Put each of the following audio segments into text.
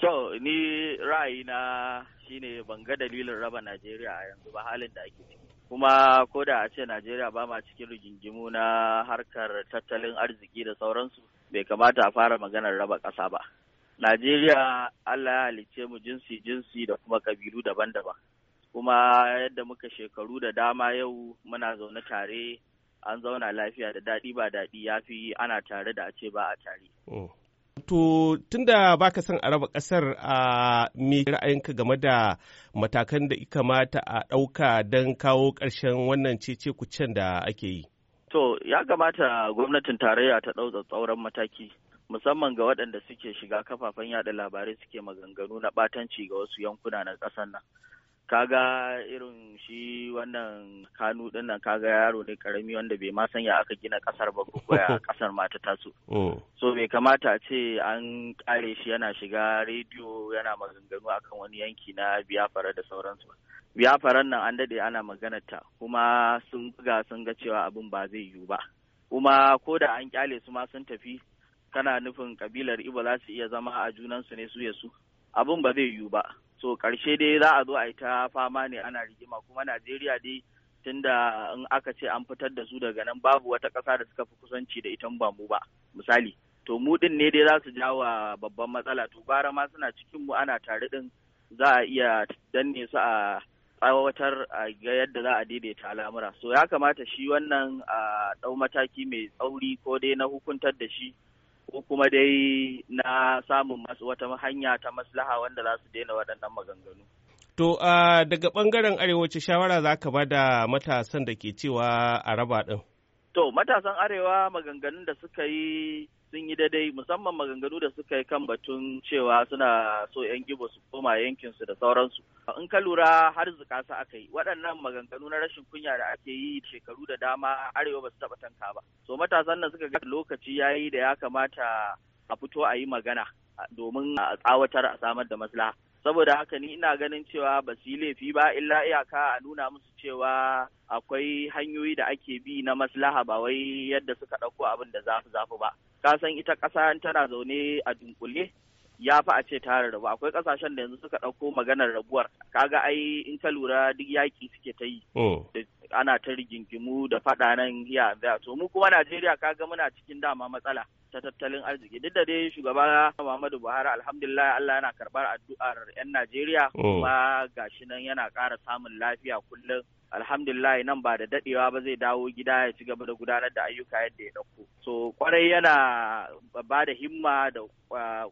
kyau ni ra'ayina shine ban ga dalilin raba najeriya a yanzu ba halin da ake ciki kuma ko da a ce najeriya ba ma cikin rigingimu na harkar tattalin arziki da sauransu bai kamata a fara maganar raba ƙasa ba najeriya allah ya halicce mu jinsi jinsi da kuma kabilu daban-daban kuma yadda muka shekaru da dama yau muna zaune tare an zauna lafiya da daɗi ba daɗi ya fi ana tare da a ce ba a tare oh. To tunda ka son a raba ƙasar a mi ra'ayinka game da matakan da kamata a ɗauka don kawo ƙarshen wannan cece kucen da ake yi. To ya kamata gwamnatin tarayya ta ɗau tsauran mataki musamman ga waɗanda suke shiga kafafen yada labarai suke maganganu na ɓatanci ga wasu yankuna na ƙasar nan. kaga irin shi wannan kanu din nan kaga yaro ne karami wanda bai ma sanya aka gina kasar ba ko ya kasar mata ta taso mm. so bai kamata a ce an kare shi yana shiga rediyo yana maganganu akan wani yanki na biyafara da sauransu ba biyafaran nan an dade ana maganar ta kuma sun buga sun ga cewa abin ba zai yiwu ba kuma ko da an kyale su ma sun tafi kana nufin kabilar ibo za su iya zama a junansu ne su ya su abin ba zai yiwu ba so karshe dai za a zo a yi ta fama ne ana rigima kuma najeriya dai tun da in aka ce an fitar da su daga nan babu wata ƙasa da suka fi kusanci da itan ba mu ba misali to mu din ne dai za su wa babban matsala to bara ma suna cikin mu ana tare din za a iya danne su a tsawatar a ga yadda za a daidaita al'amura so ya kamata shi wannan a ɗau mataki mai tsauri ko dai na hukuntar da shi ko kuma dai na samun wata hanya ta maslaha wanda za su daina waɗannan maganganu. To daga ɓangaren arewaci shawara za ka ba da matasan da ke cewa a raba ɗin? To matasan arewa maganganun da suka yi sun yi daidai musamman maganganu da suka yi kan batun cewa suna so 'yan gibo su koma yankinsu da sauransu. In ka lura har zuka su aka yi waɗannan maganganu na rashin kunya da ake yi shekaru da dama arewa ba su taɓa tanka ba. So matasan nan suka ga lokaci ya yi da ya kamata a fito a yi magana domin a tsawatar a samar da maslaha. saboda haka ni ina ganin cewa ba su yi laifi ba illa iyaka a nuna musu cewa akwai hanyoyi da ake bi na maslaha ba wai yadda suka ɗauko abin da zafi zafi ba ka san ita ƙasa tana zaune a dunkule ya fi a ce ta rabu akwai ƙasashen da yanzu suka ɗauko maganar rabuwar kaga ai in ka lura duk yaƙi suke ta yi oh. ana ta rigingimu da faɗa nan hiya da to mu kuma Najeriya kaga muna cikin dama matsala ta tattalin arziki duk da dai shugaba Muhammadu Buhari alhamdulillah Allah yana karbar addu'ar 'yan Najeriya oh. kuma gashi nan yana ƙara samun lafiya kullum alhamdulillah nan ba da dadewa ba zai dawo gida ya ci gaba da gudanar da ayyuka yadda ya dauko so kwarai yana ba da himma da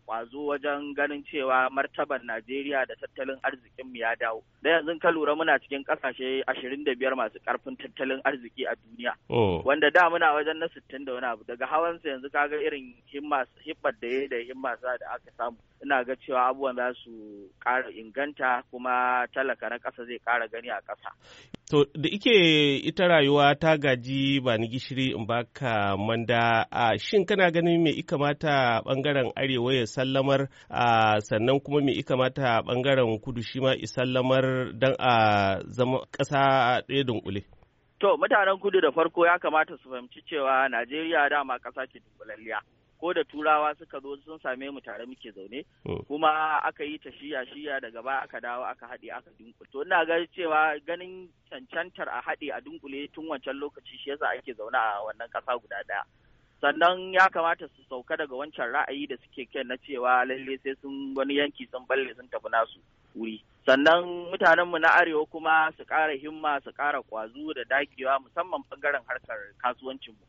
kwazo wajen ganin cewa martabar Najeriya da tattalin arzikin ya dawo da yanzu ka lura muna cikin kasashe 25 masu karfin tattalin arziki a duniya oh. wanda da muna wajen na 60 da wani abu daga hawan sa yanzu kaga irin himma hibbar da ya da himma sa da aka samu ina ga cewa abubuwan za su ƙara inganta kuma talaka na ƙasa zai ƙara gani a ƙasa To, da ike ita rayuwa ta gaji ba ni gishiri in baka manda a shin kana ganin me ika mata bangaren arewa ya sallamar a sannan kuma me ika mata bangaren kudu shi ma sallamar don a zama ƙasa ɗaya dunkule. To, mutanen kudu da farko ya kamata su fahimci cewa Najeriya dama ƙasa ke dunkulalliya. ko da turawa suka zo sun same mu tare muke zaune mm. kuma aka yi ta shiya shiya daga baya aka dawo aka haɗe aka dunkule to ina ga cewa ganin cancantar a haɗe a dunkule tun wancan lokaci shi yasa ake zaune a wannan ƙasa guda ɗaya sannan ya kamata su sauka daga wancan ra'ayi da suke kyan na cewa lalle sai sun wani yanki sun balle sun tafi nasu wuri sannan mutanenmu na arewa kuma su ƙara himma su ƙara ƙwazo da dagewa musamman bangaren harkar kasuwancinmu